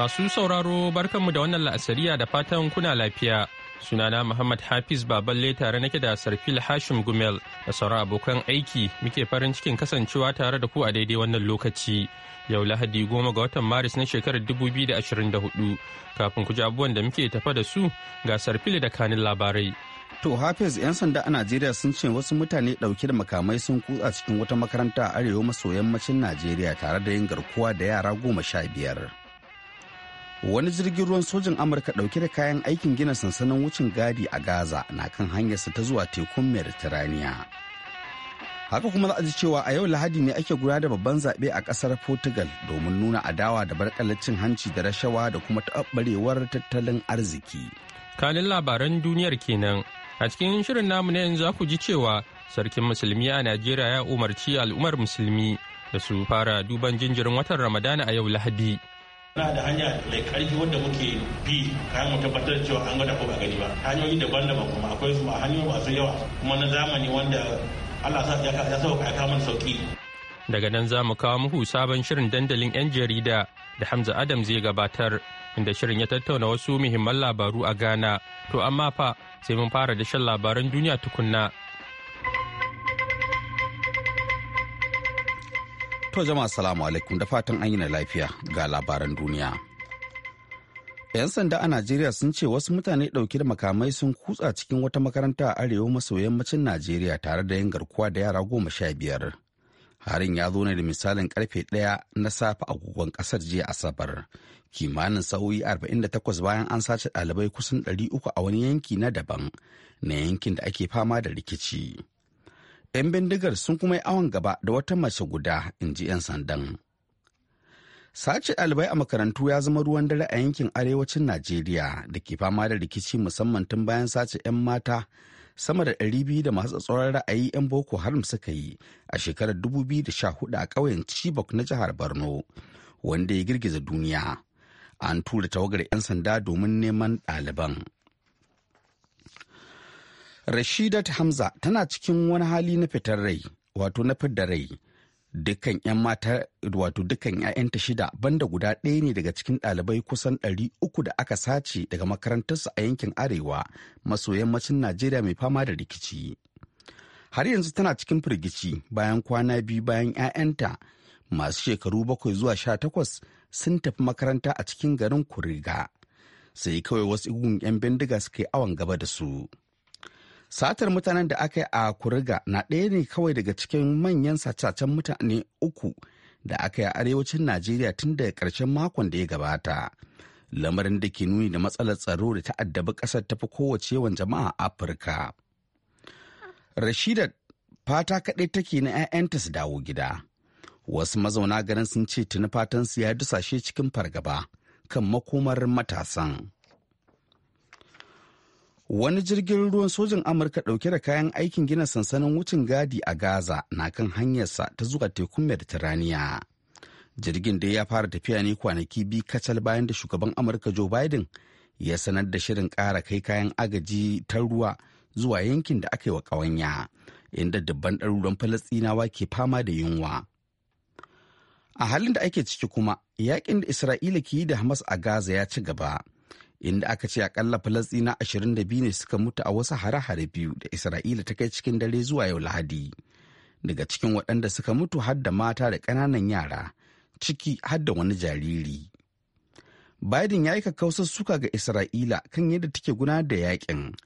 Masu sauraro barkanmu da wannan la'asariya da fatan kuna lafiya. Sunana Muhammad Hafiz Baballe tare nake da Sarfil Hashim Gumel da sauran abokan aiki muke farin cikin kasancewa tare da ku a daidai wannan lokaci. Yau Lahadi goma ga watan Maris na shekarar dubu biyu da 2024 kafin ku ji abubuwan da muke tafa da su ga Sarfil da kanin labarai. To Hafiz 'yan sanda a Najeriya sun ce wasu mutane ɗauke da makamai sun kutsa cikin wata makaranta a arewa maso yammacin Najeriya tare da yin garkuwa da yara goma sha biyar. wani jirgin ruwan sojin amurka dauke da kayan aikin gina sansanin wucin gadi a gaza na kan hanyarsa ta zuwa tekun mediterania haka kuma za a ji cewa a yau lahadi ne ake gudanar da babban zaɓe a ƙasar portugal domin nuna adawa da barkalacin hanci da rashawa da kuma taɓarewar tattalin arziki kanin labaran duniyar kenan a cikin shirin namu na yanzu ku ji cewa sarkin musulmi a najeriya ya umarci al'ummar musulmi da su fara duban jinjirin watan ramadana a yau lahadi na da hanya mai karfi wadda muke bi kayan mu tabbatar cewa an gwada ko ba gani ba hanyoyi daban-daban kuma akwai su hanyoyi masu yawa kuma na zamani wanda Allah sa ya sauka ya kama sauki daga nan za mu kawo muku sabon shirin dandalin 'yan jarida da Hamza Adam zai gabatar inda shirin ya tattauna wasu muhimman labaru a Ghana to amma fa sai mun fara da shan labaran duniya tukunna To jama'a salamu alaikum da fatan an yi na lafiya ga labaran duniya. 'Yan sanda a Najeriya sun ce wasu mutane ɗauki da makamai sun kutsa cikin wata makaranta a arewa maso yammacin Najeriya tare da yin garkuwa da yara goma sha biyar. Harin ya zo ne da misalin karfe ɗaya na safe agogon ƙasar jiya Asabar. Kimanin sa'o'i 48 bayan an sace ɗalibai kusan 300 a wani yanki na daban na yankin da ake fama da rikici. 'yan bindigar sun kuma yi awon gaba da wata mace guda in ji 'yan sandan sace ɗalibai a makarantu ya zama ruwan dare a yankin arewacin najeriya da ke fama da rikici musamman tun bayan sace 'yan mata sama da 200 da masu tsoron ra'ayi 'yan boko haram suka yi a shekarar 2014 a ƙauyen chibok na jihar borno wanda ya girgiza duniya an tura tawagar 'yan sanda domin neman ɗaliban. Rashidat Hamza tana cikin wani hali na fitar rai, wato na fidda rai. Dukkan 'yan mata, wato dukkan 'ya'yanta shida banda guda ɗaya ne daga cikin ɗalibai kusan ɗari uku da aka sace daga makarantarsu a yankin Arewa maso yammacin Najeriya mai fama da rikici. Har yanzu tana cikin firgici bayan kwana biyu bayan 'ya'yanta masu shekaru bakwai zuwa sha takwas sun tafi makaranta a cikin garin Kuriga. Sai kawai wasu igun 'yan bindiga suka yi awon gaba da su. satar mutanen da aka yi a kuriga na ɗaya ne kawai daga cikin manyan sacacen mutane uku da aka yi a arewacin najeriya tun daga ƙarshen makon da ya gabata lamarin da ke nuni da matsalar tsaro da ta'addabi ƙasar tafi kowace yawan jama'a afirka Rashidat fata kaɗai take na 'ya'yanta su dawo gida wasu mazauna garin sun ce tuni fatansu ya dusashe cikin fargaba kan makomar matasan Wani jirgin ruwan sojin Amurka ɗauke da kayan aikin gina sansanin wucin gadi a Gaza na kan hanyarsa ta zuwa tekun Mediterania. Jirgin dai ya fara tafiya ne kwanaki bi kacal bayan da shugaban Amurka Joe Biden ya sanar da shirin ƙara kai kayan agaji ta ruwa zuwa yankin da aka yi wa ƙawanya, inda dubban ɗaruruwan Falasɗinawa ke fama da yunwa. A halin da ake ciki kuma, yakin da Isra'ila ke yi da Hamas a Gaza ya ci gaba. inda aka ce akalla falastina 22 ne suka mutu a wasu hare-hare biyu da isra'ila ta kai cikin dare zuwa yau lahadi daga cikin waɗanda suka mutu har da mata da ƙananan yara ciki har da wani jariri biden ya yi kakkausar suka ga isra'ila kan yadda take guna da yakin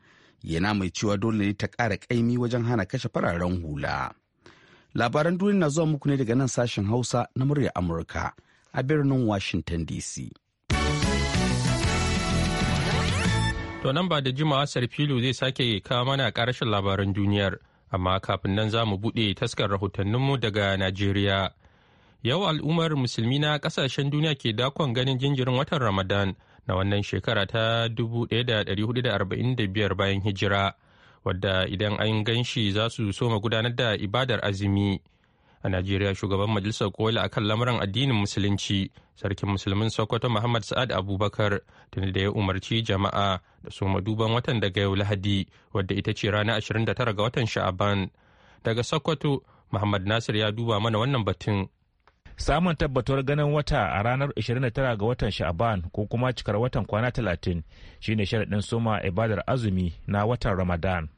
yana mai cewa dole ne ta ƙara ƙaimi wajen hana kashe fararen hula labaran duniya na zuwa muku ne daga nan sashen hausa na murya amurka a birnin washington dc To nan ba da jimawa Sarfilu zai sake kawo mana karashin labaran duniyar, amma kafin nan za mu buɗe taskar rahotanninmu daga Najeriya. Yau al'ummar musulmi na ƙasashen duniya ke dakon ganin jinjirin watan Ramadan na wannan shekara ta 1445 bayan hijira, wadda idan an gan shi za su soma gudanar da ibadar azumi. a najeriya shugaban majalisar koli a kan lamuran addinin musulunci sarkin musulmin sokoto muhammad sa'ad abubakar tun da ya umarci jama'a da su maduban watan daga yau lahadi wadda ita ce rana 29 ga watan sha'aban daga sokoto muhammad nasir ya duba mana wannan batun samun tabbatuwar ganin wata a ranar 29 ga watan sha'aban ko kuma cikar watan kwana 30 shine sharaɗin soma ibadar azumi na watan ramadan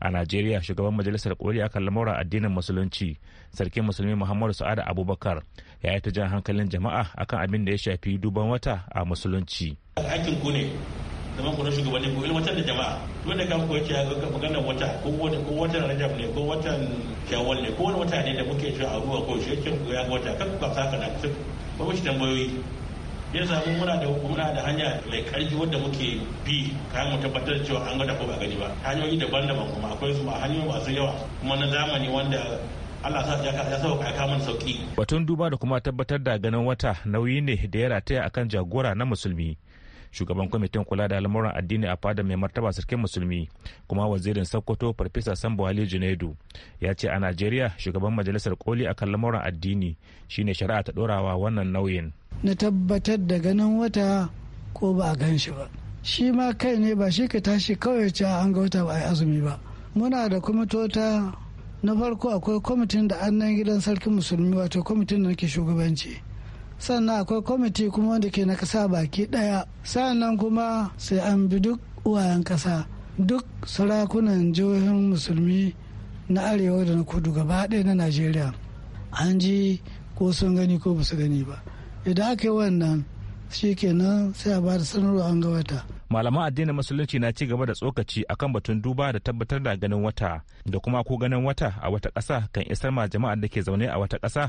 a najeriya shugaban majalisar koli akan lamura addinin musulunci sarkin musulmi muhammadu sa'ada abubakar ya yi ta jan hankalin jama'a akan abin da ya shafi duban wata a musulunci hakkin ku ne zaman ku na shugabanni ku ilmantar da jama'a da kan ku yace ga magana wata ko wata ko watan rajab ne ko watan shawwal ne ko wani wata ne da muke cewa a ruwa ko shi ku ya ga wata kan ku ka saka na ku ba mu shi tambayoyi ya samu muna da muna da hanya mai karfi wadda muke bi kayan mu tabbatar cewa an gwada ko ba gani ba hanyoyi daban-daban kuma akwai su hanyoyi masu yawa kuma na zamani wanda Allah ya sauka ya kamun sauki. Batun duba da kuma tabbatar da ganin wata nauyi ne da ya rataya akan jagora na musulmi. shugaban kwamitin kula da al'amuran addini a fadar mai martaba sarkin musulmi kuma wazirin sokoto farfesa sambo ali junaidu ya ce a najeriya shugaban majalisar koli akan lamuran addini shine shari'a ta dorawa wannan nauyin na tabbatar da ganin wata ko ba a gan shi ba shi ma kai ne ba shi ka tashi kawai ce an ga wata ba a azumi ba muna da kuma tota na farko akwai kwamitin da annan gidan sarkin musulmi wato kwamitin da nake shugabanci sannan akwai kwamiti kuma wanda ke na kasa baki daya sannan kuma sai an bi duk uwayen kasa duk sarakunan jihohin musulmi na arewa da na kudu gaba ɗaya na najeriya an ji ko sun gani ko ba su gani ba idan aka yi wannan shi kenan sai a ba da sanarwa an ga wata malaman addinin musulunci na ci gaba da tsokaci akan batun duba da tabbatar da ganin wata da kuma ko ganin wata a wata ƙasa kan isar ma jama'ar da ke zaune a wata ƙasa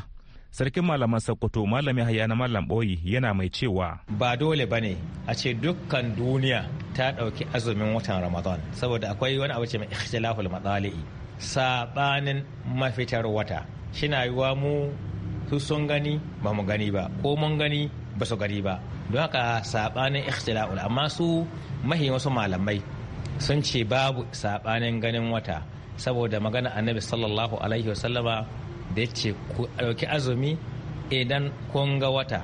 sarkin malaman sokoto malami haya na malam boyi yana mai cewa ba dole bane a ce dukkan duniya ta ɗauki azumin watan ramadan saboda akwai wani abu ce mai ikhtilaful matsali'i Saɓanin mafitar wata shina yiwa mu su sun gani ba mu gani ba ko mun gani ba su gari ba don haka sabanin ikhtila'ul amma su mahi wasu malamai sun ce babu sabanin ganin wata saboda magana annabi sallallahu alaihi wasallama da ya ce ku ɗauki azumi idan kun ga wata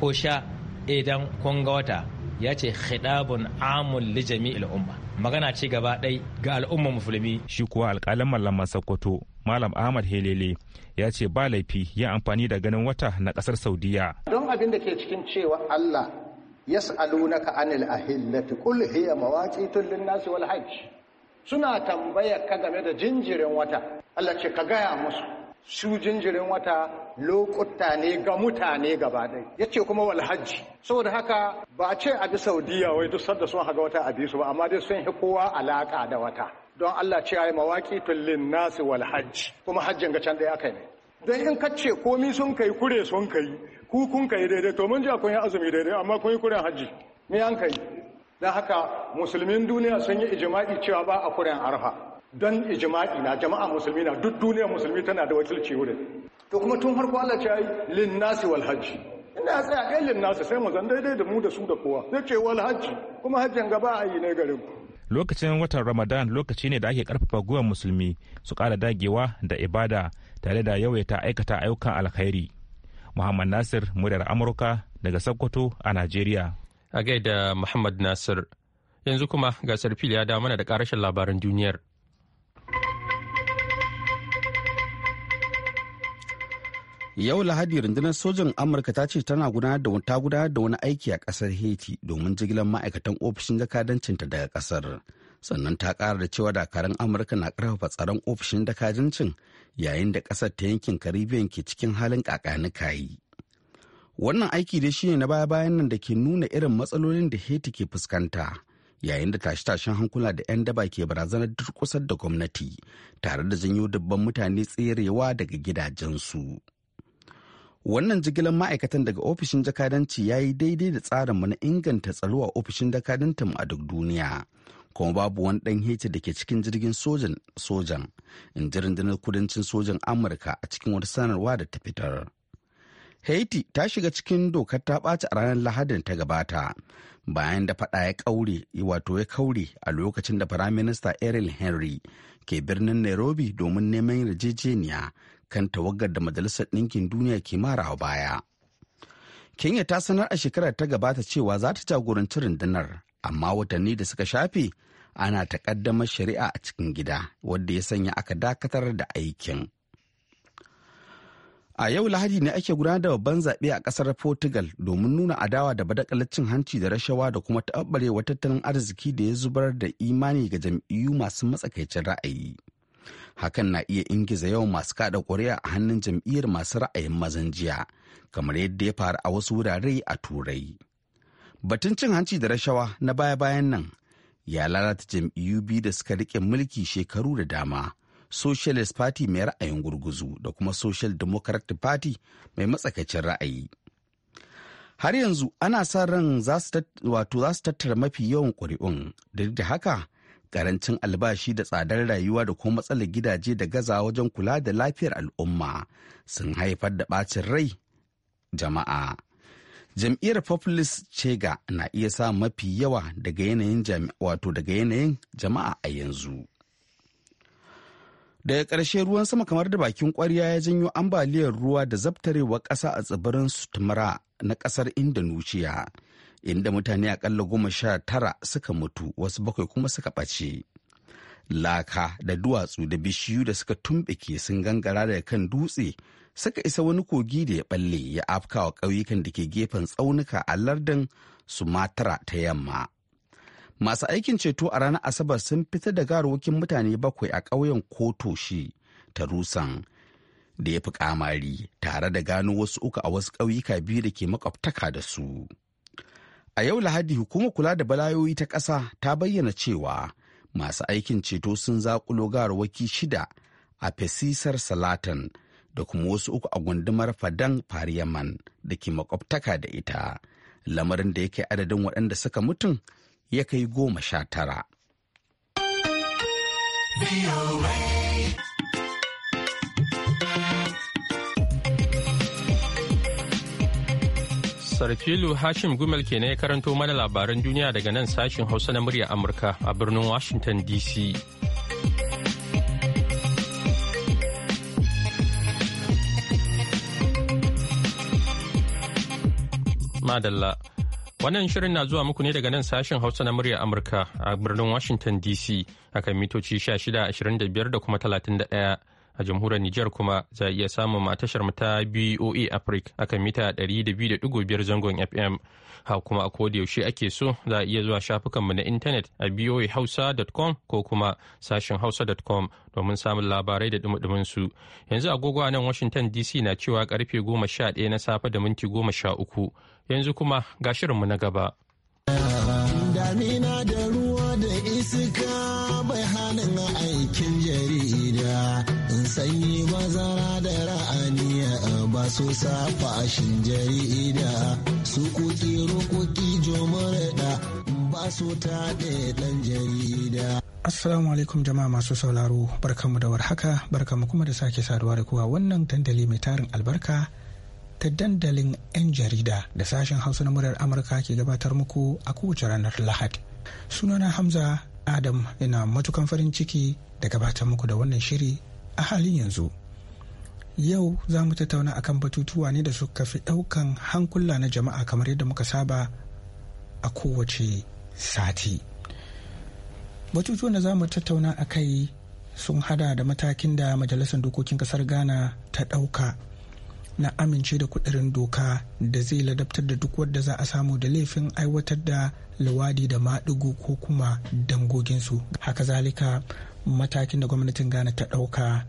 ko sha idan kun ga wata ya ce khidabun amul li jami'il umma magana ce gaba ɗai ga al'ummar musulmi shi kuwa alƙalin mallaman sokoto malam ahmad helele ya ce ba laifi ya amfani da ganin wata na kasar saudiya don abin da ke cikin cewa allah ya yas'alunaka anil ahillati qul hiya mawaqitun lin-nasi wal hajj suna tambaya ka game da jinjirin wata allah ce ka gaya musu su jinjirin wata lokuta ne ga mutane gaba ɗaya ya ce kuma wal hajji saboda haka ba ce a bi saudiya wai duk sadda sun haga wata a bi su ba amma dai sun hi kowa alaƙa da wata don Allah ce ai mawaqitul linnas wal hajj kuma hajjin ga can ɗaya aka ne Don in kace komi sun kai kure sun kai ku kun kai daidai to mun ji akwai azumi daidai amma kun yi kuren hajji me an kai na haka musulmin duniya sun yi ijma'i cewa ba a kuren arha. don ijma'i na jama'a musulmi na duk duniya musulmi tana da wakilci wurin to kuma tun farko Allah ce ai lin nasi wal hajji ina tsaya kai lin nasi sai mu zan daidai da mu da su da kowa ce wal kuma hajjin gaba a yi ne garin ku lokacin watan ramadan lokaci ne da ake karfafa gwiwar musulmi su kara dagewa da ibada tare da yawaita aikata ayyukan alkhairi muhammad nasir muryar amurka daga sokoto a nigeria. a gaida muhammad nasir yanzu kuma ga sarfil ya da da karashin labaran duniyar yau lahadi rundunar sojin amurka ta ce tana gudanar da ta gudanar da wani aiki a kasar haiti domin jigilar ma'aikatan ofishin jakadancinta daga kasar sannan ta kara da cewa dakarun amurka na karfafa tsaron ofishin jakadancin yayin da kasar ta yankin caribbean ke cikin halin kayi wannan aiki dai shine na baya bayan nan da ke nuna irin matsalolin da haiti ke fuskanta yayin da tashe-tashen hankula da 'yan daba ke barazanar durkusar da gwamnati tare da janyo dubban mutane tserewa daga gidajensu. wannan jigilar ma'aikatan daga ofishin jakadanci ya yi daidai da tsarinmu na inganta tsaro a ofishin jakadantinmu a duk duniya kuma babu wani ɗan hece da ke cikin jirgin sojan sojan in ji rundunar kudancin sojan amurka a cikin wata sanarwa da ta fitar haiti ta shiga cikin dokar ta ɓaci a ranar lahadin ta gabata bayan da faɗa ya kaure wato ya kaure a lokacin da firaminista ariel henry ke birnin nairobi domin neman yarjejeniya kan tawagar da majalisar ɗinkin duniya ke mara baya kenya ta sanar a shekarar ta gabata cewa za ta jagoranci rundunar amma watanni da suka shafe ana takaddamar shari'a a cikin gida wadda ya sanya aka dakatar da aikin a yau lahadi ne ake gudanar da babban zaɓe a ƙasar portugal domin nuna adawa da badakalar hanci da rashawa da kuma taɓarɓarewa tattalin arziki da ya zubar da imani ga jam'iyyu masu matsakaicin ra'ayi hakan na iya ingiza yawan masu kada ƙuri'a a hannun jam'iyyar masu ra'ayin mazan jiya kamar yadda ya faru a wasu wurare a turai batun cin hanci da rashawa na baya-bayan nan ya lalata jam'iyyu biyu da suka riƙe mulki shekaru da dama socialist party mai ra'ayin gurguzu da kuma social democratic party mai matsakaicin ra'ayi har yanzu ana sa ran wato za su tattara mafi yawan ƙuri'un duk da haka Ƙarancin albashi da tsadar rayuwa da kuma matsalar gidaje da gaza wajen kula da lafiyar al'umma sun haifar da bacin rai jama'a jam'iyyar populist chega na iya sa mafi yawa daga yanayin wato daga yanayin jama'a a yanzu daga ƙarshe ruwan sama kamar da bakin ƙwarya ya janyo ambaliyar ruwa da zabtarewa ƙasa a tsibirin sutumara na ƙasar indonesia inda mutane akalla goma sha tara suka mutu wasu bakwai kuma suka ɓace. Laka da duwatsu da bishiyu da suka tumɓuke sun gangara daga kan dutse suka isa wani kogi da ya ɓalle ya afkawa ƙauyukan da ke gefen tsaunuka a lardin Sumatra ta yamma. Masu aikin ceto a ranar Asabar sun fitar da garwakin mutane bakwai a ƙauyen Kotoshi ta Rusan da ya fi kamari tare da gano wasu uku a wasu ƙauyuka biyu da ke makwabtaka da su. A yau Lahadi hukumar kula da balayoyi ta ƙasa ta bayyana cewa masu aikin ceto sun zaƙulo garwaki shida a fesisar Salatan da kuma wasu uku a gundumar Fadan Fariyaman da ke makwabtaka da ita, lamarin da yake adadin waɗanda suka mutum ya kai goma sha tara. Sarfilu Hashim Gumel ke ya karanto mana labaran duniya daga nan sashin Hausa na murya Amurka a birnin Washington DC. Madalla. Wannan shirin na zuwa muku ne daga nan sashin Hausa na murya Amurka a birnin Washington DC akan mitoci 25 da kuma 31. a jamhuriyar Nijar kuma za a iya samun matashar ta BOA Africa akan mita 200.5 zangon FM. Ha kuma a koda yaushe ake so za a iya zuwa shafukanmu na intanet a boahausa.com ko kuma sashen hausa.com domin samun labarai da dumudumin su. Yanzu agogo a nan Washington DC na cewa karfe 11 na safe da minti 13. Yanzu kuma ga shirinmu na gaba. Damina da ruwa iska sanyi bazara da ra'aniya ba su safa a jarida su kuki rukuki da ba su taɗe ɗan jarida. Assalamu alaikum jama'a masu sauraro barkanmu da warhaka barkanmu kuma da sake saduwa da kowa wannan dandali mai tarin albarka ta dandalin 'yan jarida da sashen hausa na muryar amurka ke gabatar muku a kowace ranar lahadi sunana hamza adam ina matukan farin ciki da gabatar muku da wannan shiri a halin yanzu yau za mu tattauna akan batutuwa ne da suka fi ɗaukan hankula na jama'a kamar yadda muka saba a kowace sati batutuwan da za mu tattauna a kai sun hada da matakin da majalisar dokokin kasar ghana ta ɗauka na amince da kudirin doka da zai ladabtar da duk wadda za a samu da laifin aiwatar da lawadi da maɗigo ko kuma dangoginsu haka zalika matakin da gwamnatin ghana ta ɗauka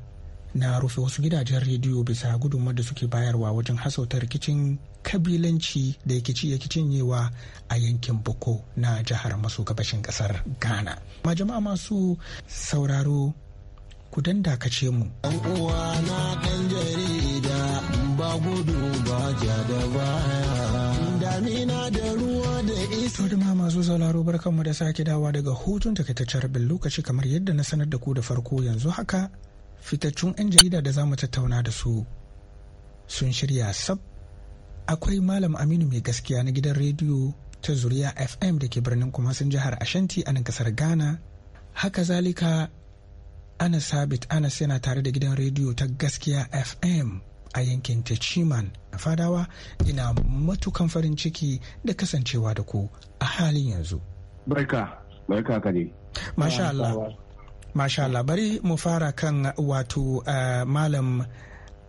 na rufe wasu gidajen rediyo bisa gudunmar da suke bayarwa wajen hasauta rikicin kabilanci da yakici kicin yiwa a yankin boko na jihar maso gabashin kasar ghana ma jama'a masu sauraro ku dan dakace mu uwa na dan da To da masu sauraro barkanmu da sake dawa daga hutun takaitaccen rabin lokaci kamar yadda na sanar da ku da farko yanzu haka fitaccun 'yan jarida da za mu tattauna da su sun shirya sab akwai malam aminu mai gaskiya na gidan rediyo ta zuriya fm da ke birnin kuma kumasin jihar ashanti a nan kasar ghana haka zalika ana sabit anas yana tare da gidan rediyo ta gaskiya fm a yankin Tachiman na fadawa ina matukan farin ciki da kasancewa da ku a halin yanzu. Barka, barka ka Masha Allah. Masha Allah bari mu fara kan uh, wato uh, Malam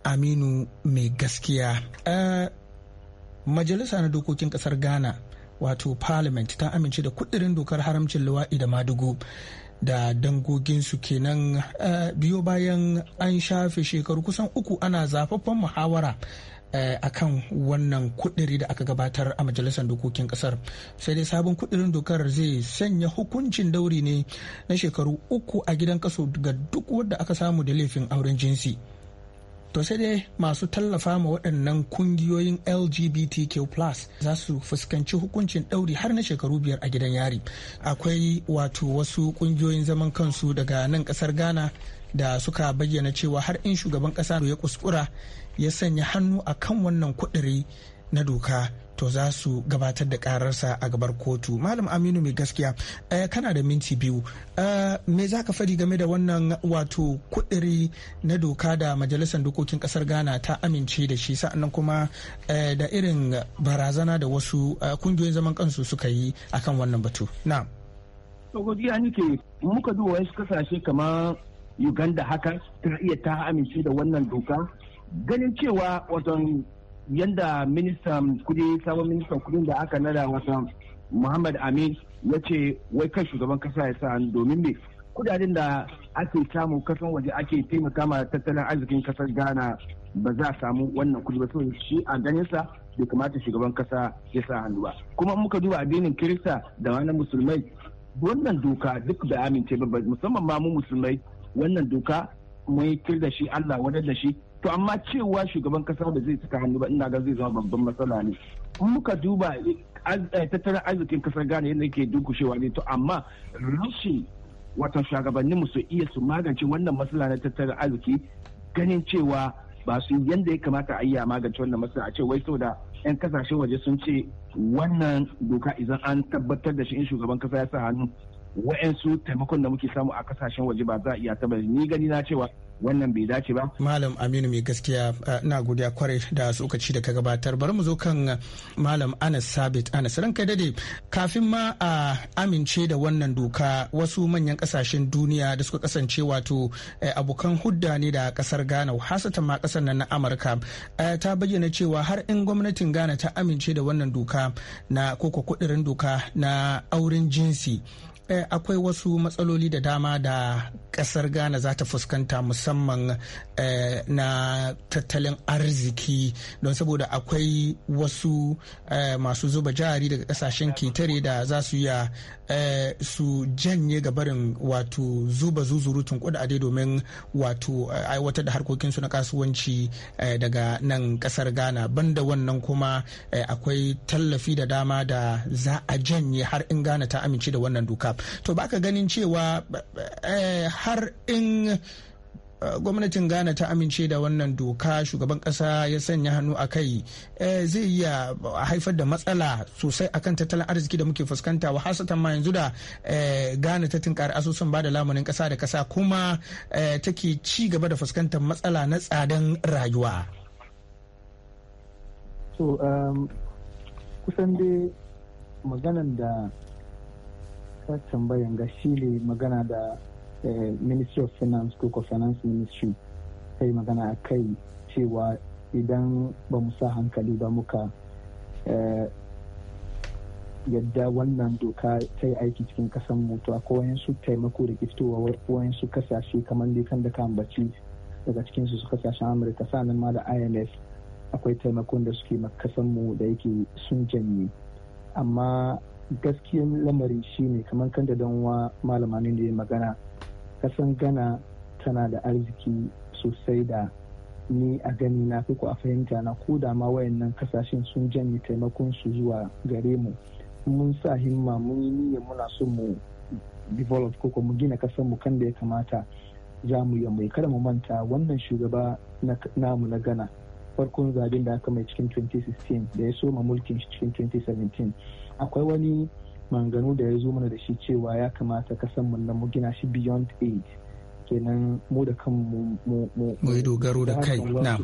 Aminu mai gaskiya. Uh, Majalisa na dokokin kasar Ghana wato Parliament ta amince da kudirin dokar haramcin luwa'i da madugu. da dangoginsu kenan eh, biyo bayan an shafe shekaru kusan uku ana zafaffen muhawara eh, a kan wannan kudiri da aka gabatar a majalisar dokokin kasar sai dai sabon kudirin dokar zai sanya hukuncin dauri ne na shekaru uku a gidan kaso ga duk wanda aka samu da laifin auren jinsi to sai dai masu tallafa ma waɗannan kungiyoyin lgbtq plus za su fuskanci hukuncin ɗauri har na shekaru biyar a gidan yari akwai wato wasu kungiyoyin zaman kansu daga nan ƙasar ghana da suka bayyana cewa har in shugaban ƙasa ya kuskura ya sanya hannu a kan wannan kuɗiri na doka to za su gabatar da kararsa a gabar kotu malam aminu mai gaskiya eh, kana da minti biyu eh, me za ka faɗi game da wannan wato kudiri na doka da majalisar dokokin kasar ghana ta amince da shi sa'annan kuma eh, da irin barazana da wasu kungiyoyin zaman kansu suka yi akan wannan batu na muka duba wasu kasashe kamar uganda haka ta iya ta amince da wannan doka ganin cewa wajen yadda ministan kudi sabon ministan kudin da aka nada wata muhammad amin ya ce wai kan shugaban kasa ya sa domin me kudaden da ake samun kasan waje ake taimaka ma tattalin arzikin kasar ghana ba za a samu wannan kudi ba saboda shi a sa bai kamata shugaban kasa ya sa hannu ba kuma muka duba addinin kirista da wani musulmai wannan doka duk da amince ba musamman ma mu musulmai wannan doka mun kirda shi Allah wadanda shi to amma cewa shugaban kasa da zai cika hannu ba ina ga zai zama babban matsala ne muka duba eh, tattalin arzikin kasar ghana yadda ke dukushewa ne to amma rashin wata shugabannin su iya su magance wannan matsala na tattalin arziki ganin cewa ba su yadda ya kamata a iya magance wannan matsala a ce wai saboda 'yan kasashen waje sun ce wannan doka idan an tabbatar da shi in shugaban kasa ya sa hannu wa'yansu taimakon da muke samu a kasashen waje ba za a iya tabbatar ni gani na cewa wannan bai dace ba. Malam Aminu mai gaskiya na godiya kwarai da tsokaci da ka gabatar bari mu zo kan Malam Anas Sabit Anas ranka dade kafin ma a amince da wannan doka wasu manyan kasashen duniya da suka kasance wato eh, abokan hudda ne da kasar Ghana hasata ma kasar nan na Amurka eh, ta bayyana cewa har in gwamnatin Ghana ta amince da wannan doka na koko kudirin doka na auren jinsi Eh, akwai wasu matsaloli da dama da kasar ghana za ta fuskanta musamman eh, na tattalin arziki don saboda akwai wasu eh, masu zuba jari daga kasashen ketare da za su iya Eh, su janye gabarin wato zuba zuzurutun kudade domin wato eh, aiwatar da harkokinsu na kasuwanci eh, daga nan kasar ghana banda wannan kuma akwai tallafi da dama da za a janye har in ghana ta amince da wannan doka to baka ganin cewa har in Uh, gwamnatin ghana ta amince da wannan doka shugaban kasa ya sanya hannu a kai eh, zai iya haifar da matsala sosai akan tattalin arziki da muke fuskanta wa hasatan ma yanzu da eh, ghana ta tunkari asusun ba da lamunin kasa da kasa kuma eh, take ci gaba da fuskantar matsala na tsadan rayuwa so um, maganan da ta tambayan ga shi ne magana da ministry of finance ko finance ministry ta yi magana a kai cewa idan ba mu sa hankali ba muka eh, yadda wannan doka ta yi aiki cikin kasan mutu a su taimako da wa fitowa wayansu kasashe kamar dai kan da kan baci daga cikinsu su kasashen amurka sanin ma da imf akwai taimakon da suke kasan mu da yake sun janye amma gaskiyan lamarin shine kamar kan da wa malama ne da magana kasan gana tana da arziki sosai da ni a gani na fi ku a fahimta na ko da ma wayannan kasashen sun janye taimakon su zuwa gare mu mun sa himma mun yi niyyar muna so mu develop ko mu gina kasan mu kan da ya kamata za mu yi mai kada mu manta wannan shugaba namu na gana farkon zaben da aka mai cikin 2016 da ya soma mulkin cikin 2017 akwai wani manganu da ya zo mana da shi cewa ya kamata kasan mu mu gina shi beyond aid kenan mu da kan mu mu yi dogaro da kai na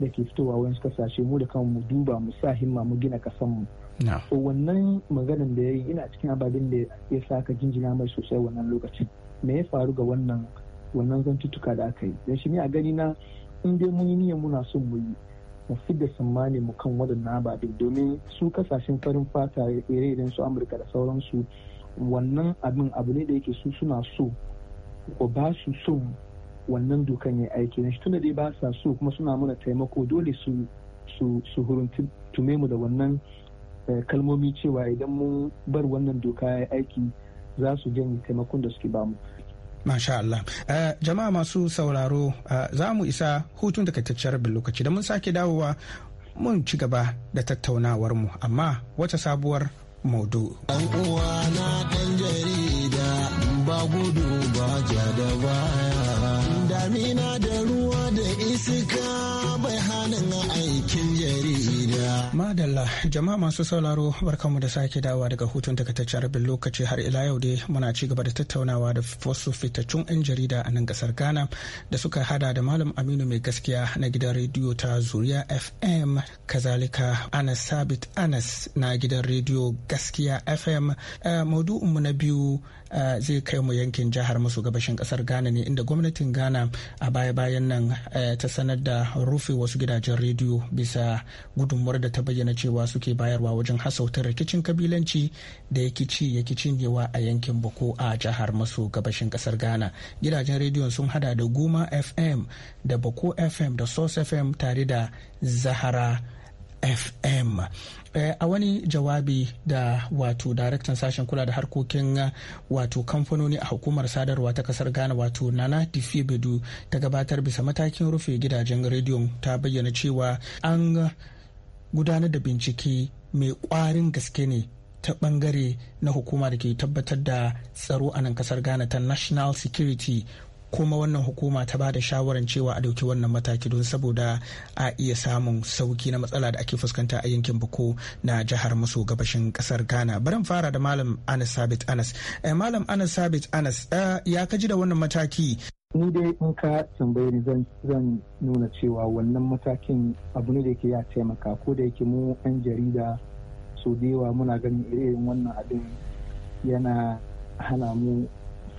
da ke fitowa wayansu kasashe mu da kan mu duba mu sa himma mu gina kasan mu so wannan maganin da yayi ina cikin ababen da ya sa ka jinjina mai sosai wannan lokacin me ya faru ga wannan wannan zantuttuka da aka yi dan shi ni a gani na in dai mun yi niyyar muna son mu yi mu fidda tsammani mu kan waɗannan ababen domin su kasashen farin fata ire su amurka da sauransu wannan abin abu ne da yake su suna so ko ba su so wannan dokan ya aiki na shi tunda dai ba sa so kuma suna muna taimako dole su su tume mu da wannan eh, kalmomi cewa idan mun bar wannan doka ya aiki za su janye taimakon da suke bamu Masha Allah. Uh, jama'a masu sauraro uh, za mu isa hutun takaitaccen rabin lokaci da mun sake dawowa mun ci gaba da tattaunawar mu amma wata sabuwar maudu. Dan uwa na dan jarida ba gudu ba jada da baya. Damina da ruwa da iska Madalla jama'a masu sauraro barkanmu da sake dawa daga hutun takaitaccen rabin lokaci har ila yau dai muna ci gaba da tattaunawa da wasu fitaccun 'yan jarida a nan kasar Ghana da suka hada da Malam Aminu mai gaskiya na gidan rediyo ta Zuriya FM kazalika Anas Sabit Anas na gidan rediyo Gaskiya FM eh, maudu'inmu na biyu eh, zai kai mu yankin jihar masu gabashin kasar Ghana ne inda gwamnatin Ghana a baya-bayan nan eh, ta sanar da rufe wasu gidajen rediyo bisa gudunmuwar da ta ta bayyana cewa suke bayarwa wajen hasautar rikicin kabilanci da ya kici ya cinyewa a yankin Boko a jihar maso gabashin kasar Ghana. Gidajen rediyon sun hada da Guma FM da Boko FM da sos FM tare da Zahara FM. Eh, a wani jawabi da wato daraktan sashen kula da harkokin wato kamfanoni a hukumar sadarwa ta kasar ghana wato nana bedu ta gabatar bisa matakin rufe gidajen rediyon ta bayyana cewa an gudanar da bincike mai ƙwarin gaske ne ta bangare na hukuma da ke tabbatar da tsaro a nan kasar ghana ta national security kuma wannan hukuma ta ba da shawarar cewa a dauki wannan mataki don saboda a iya samun sauki na matsala da ake fuskanta a yankin buko na jihar maso gabashin kasar ghana barin fara da malam anas sabit anas eh, malam anas sabit anas eh, ya kaji da wannan mataki ni dai in ka tambayi ni zan nuna cewa wannan matakin abu ne da yake ya taimaka ko da yake mu 'yan jarida so da yawa muna ganin irin wannan abin yana hana mu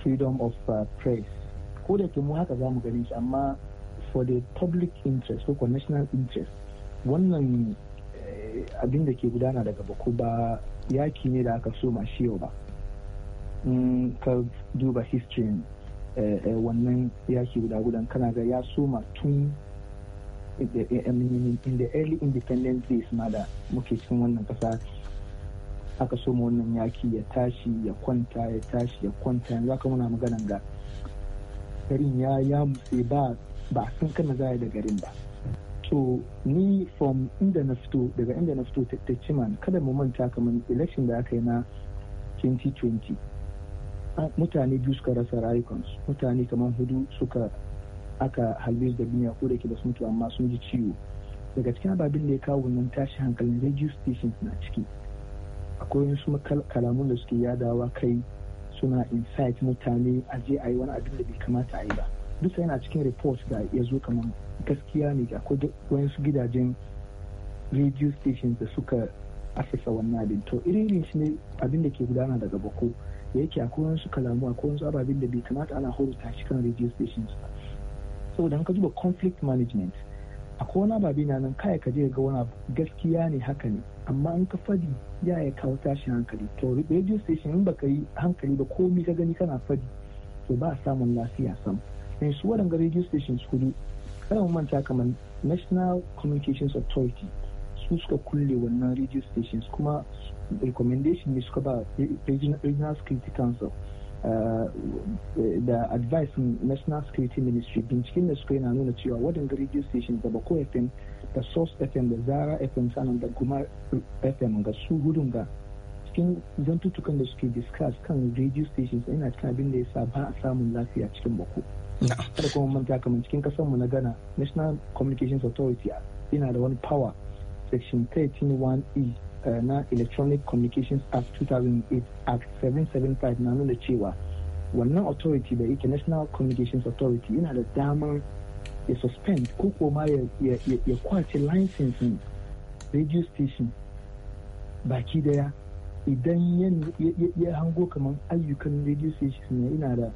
freedom of uh, press ko da mu haka za mu gani shi amma for the public interest ko national interest wannan eh, abin da ke gudana daga bako ba yaki ne da aka so ma shi yau ba ka duba history Eh, eh, wannan yaki guda gudan kana ga ya soma tun eh, in the early independence days ma da muke cikin wannan kasa aka soma wannan yaki ya tashi ya kwanta ya tashi ya kwanta yanzu aka muna maganan ga garin ya ya musu ba ba san kana za da garin ba to ni from inda na fito daga inda na fito ta ciman kada mu manta kamar election da aka yi na 2020 mutane biyu suka rasa rayukansu mutane kamar hudu suka aka halbe da duniya ko da ke da mutu amma sun ji ciwo daga cikin ababen da ya kawo nan tashi hankalin radio stations na ciki akwai wasu kalamun da suke yadawa kai suna insight mutane a je a yi wani abin da bai kamata a yi ba duka yana cikin report da ya zo kamar gaskiya ne akwai wasu gidajen radio stations da suka asasa wannan abin to irin shi ne abin da ke gudana daga bako da yake akwai wasu kalamu akwai wasu ababen da bai kamata ana horata shi kan radio stations ba saboda ka duba conflict management akwai wani ababe na nan kaya ka je ga wani gaskiya ne haka ne amma an ka fadi ya ya kawo tashin hankali to radio station in baka yi hankali ba komi ka gani kana fadi to ba a samun lafiya sam sai su waɗanda radio stations kudu kada mu manta kamar national communications authority su suka kulle wannan radio stations kuma recommendation ne suka ba regional security council eh, da advice national security ministry binciken da suka yi na nuna cewa waɗanda radio stations da bako fm da source fm da zara fm sanan da guma fm ga su gudun ga cikin zantutukan da suke discuss kan radio stations yana cikin abin da ya sa ba a samun lafiya cikin bako kada kuma manta kamar cikin kasanmu na gana national communications authority yana da wani power section 131e e, eh, na electronic communications act 2008 act 775 na nuna cewa wannan authority da yake national communications authority yana da daman ya suspend ko kuma ya ya ya kwace licensing radio station baki daya idan ya hango kamar ayyukan radio station ne yana da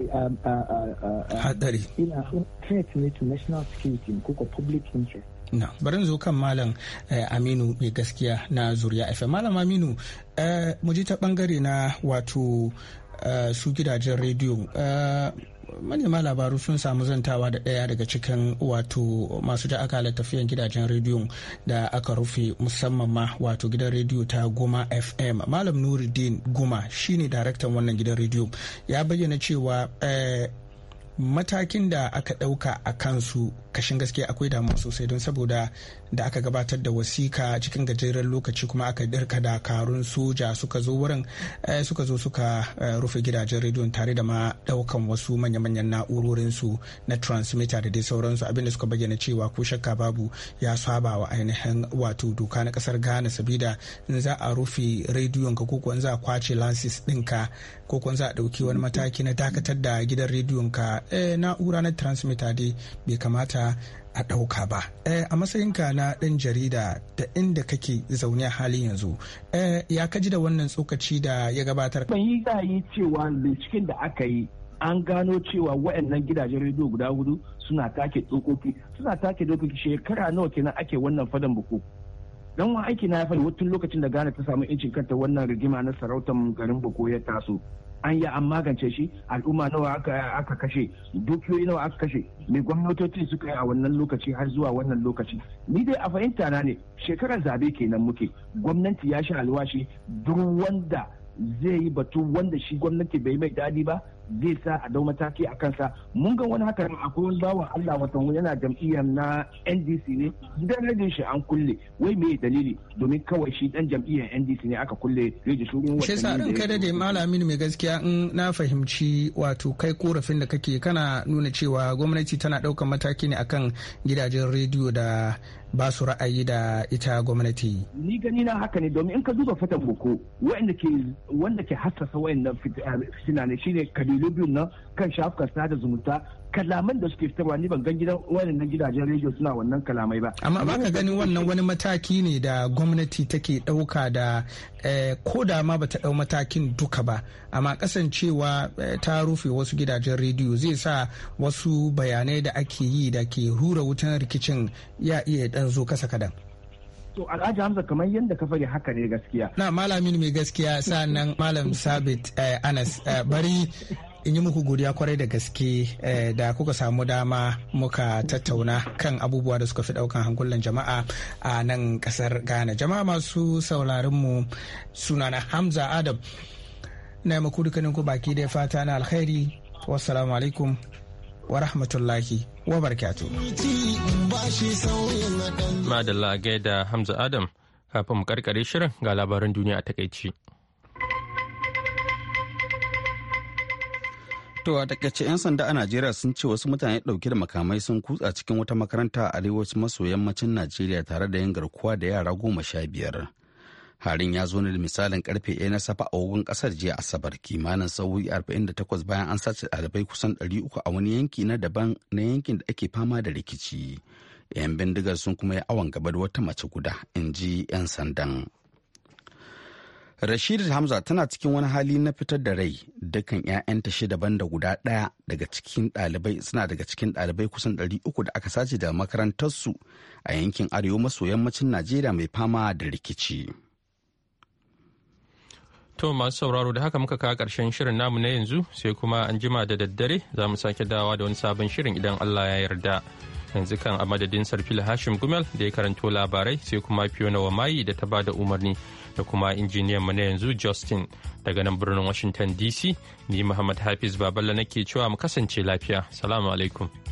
eh, ah, ah, ah, hadari ina threat ne to national security ko public interest na barin zo kan malam eh, aminu mai gaskiya na zuriya fm malam aminu eh, mu ta bangare na wato eh, su gidajen rediyo manema labaru sun samu zantawa da ɗaya daga cikin wato masu ja akalar tafiyan gidajen rediyon da aka rufe musamman ma wato gidan rediyo ta goma fm malam nuruddin goma shine daraktan wannan gidan rediyo ya bayyana cewa matakin da aka ɗauka a kansu kashin gaske akwai damuwa sosai don saboda da aka gabatar da wasika cikin gajeren lokaci kuma aka dirka dakarun soja suka zo wurin eh, suka zo suka eh, rufe gidajen rediyon tare da ma ɗaukan wasu manya-manyan na'urorinsu na transmitter da dai sauransu abinda suka bayyana cewa ko shakka babu ya saba wa ainihin wato doka na kasar ghana sabida in za a rufe rediyon ka ko in za a kwace lansis ɗinka ko kun za a ɗauki wani mataki na dakatar da gidan rediyon ka eh, na'ura na transmitter dai bai kamata a ɗauka ba eh, a matsayin ka na ɗan jarida da inda kake zaune a halin yanzu eh, ya ji da wannan tsokaci da ya gabatar ban yi za yi cewa binciken da aka yi an gano cewa waɗannan gidajen rediyo guda hudu suna take dokoki suna take dokoki shekara nawa kenan ake wannan fadan bukuku dan wa aiki na ya tun lokacin da Ghana ta samu incin kanta wannan rigima na sarautar garin Boko ya taso an yi an magance shi al'umma nawa aka kashe dukiyoyi nawa aka kashe mai gwamnatoci suka yi a wannan lokaci har zuwa wannan lokaci ni dai a fahimta na ne shekarar zabe kenan muke gwamnati ya sha alwashi duk wanda zai yi batu wanda shi gwamnati bai mai daɗi ba zai sa a dau mataki a kansa mun ga wani haka akwai wani bawan Allah watan yana jam'iyyar na NDC ne gidan rajin shi an kulle wai me dalili domin kawai shi dan jam'iyyar NDC ne aka kulle rage shi ruwan shi sa in kada da malamin mai gaskiya in na fahimci wato kai korafin da kake kana nuna cewa gwamnati tana daukan mataki ne akan gidajen rediyo da ba su ra'ayi da ita gwamnati. Ni gani na haka ne domin in ka duba fatan boko wanda ke wanda ke hassasa wayannan eh, fitina ne shine Kaduna bilibin nan kan shafukan sada zumunta kalaman da suke fitarwa ni ban gan gidan wannan gidajen rediyo suna wannan kalamai ba amma ba ka gani wannan wani mataki ne da gwamnati take dauka da eh, ko da ma bata dau matakin duka ba amma kasancewa eh, ta rufe wasu gidajen rediyo zai sa wasu bayanai da ake yi da ke hura wutan rikicin ya iya dan zo kasa kadan to alhaji hamza kamar yadda ka fari haka ne gaskiya na malamin mai gaskiya nan malam sabit eh, anas bari in yi muku godiya kwarai da gaske eh, da kuka samu dama muka tattauna kan abubuwa da suka fi daukan hankulan jama'a a nan kasar ghana jama'a masu sauraronmu sunana hamza adam na maku dukkanin ku baki da ya fata na alkhairi wassalamu alaikum wa rahmatullahi wa barakatu madalla gaida hamza adam kafin mu karkare shirin ga labaran duniya a takaici To a takaice 'yan sanda a Najeriya sun ce wasu mutane ɗauke da makamai sun kutsa cikin wata makaranta a arewacin maso yammacin Najeriya tare da yin garkuwa da yara goma sha biyar. Harin ya zo ne da misalin karfe 1 na safa a wugun kasar jiya Asabar kimanin sauyi 48 bayan an sace ɗalibai kusan 300 a wani yanki na daban na yankin da ake fama da rikici. 'Yan bindigar sun kuma yi awon gaba da wata mace guda, in ji 'yan sandan. Rashid Hamza tana cikin wani hali na fitar da rai dukkan 'ya'yanta shida banda guda daya daga cikin ɗalibai suna daga cikin ɗalibai kusan 300 da aka sace daga makarantarsu a yankin arewa maso yammacin Najeriya mai fama da rikici. To masu sauraro da haka muka kawo ƙarshen shirin namu na yanzu sai kuma an jima da daddare za mu sake dawa da wani sabon shirin idan Allah ya yarda. Yanzu kan a madadin Sarfil Hashim Gumel da ya karanto labarai sai kuma Fiona mayi da ta ba da umarni da kuma injiniyan mu na yanzu Justin daga nan birnin Washington DC ni Muhammad Hafiz Baballa nake cewa mu kasance lafiya. Salamu alaikum.